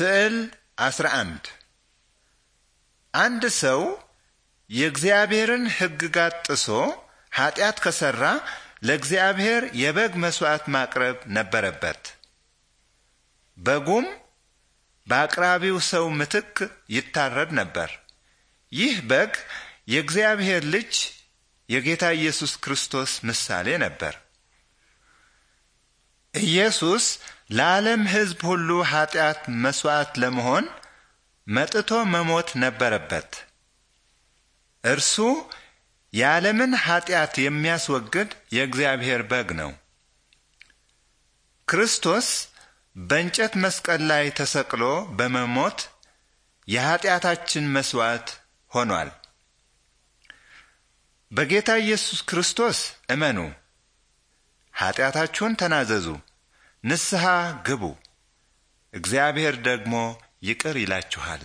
ስዕል 11 አንድ ሰው የእግዚአብሔርን ሕግጋት ጥሶ ኃጢአት ከሠራ ለእግዚአብሔር የበግ መሥዋዕት ማቅረብ ነበረበት። በጉም በአቅራቢው ሰው ምትክ ይታረድ ነበር። ይህ በግ የእግዚአብሔር ልጅ የጌታ ኢየሱስ ክርስቶስ ምሳሌ ነበር። ኢየሱስ ለዓለም ሕዝብ ሁሉ ኀጢአት መሥዋዕት ለመሆን መጥቶ መሞት ነበረበት። እርሱ የዓለምን ኀጢአት የሚያስወግድ የእግዚአብሔር በግ ነው። ክርስቶስ በእንጨት መስቀል ላይ ተሰቅሎ በመሞት የኀጢአታችን መሥዋዕት ሆኗል። በጌታ ኢየሱስ ክርስቶስ እመኑ፣ ኀጢአታችሁን ተናዘዙ ንስሐ ግቡ፣ እግዚአብሔር ደግሞ ይቅር ይላችኋል።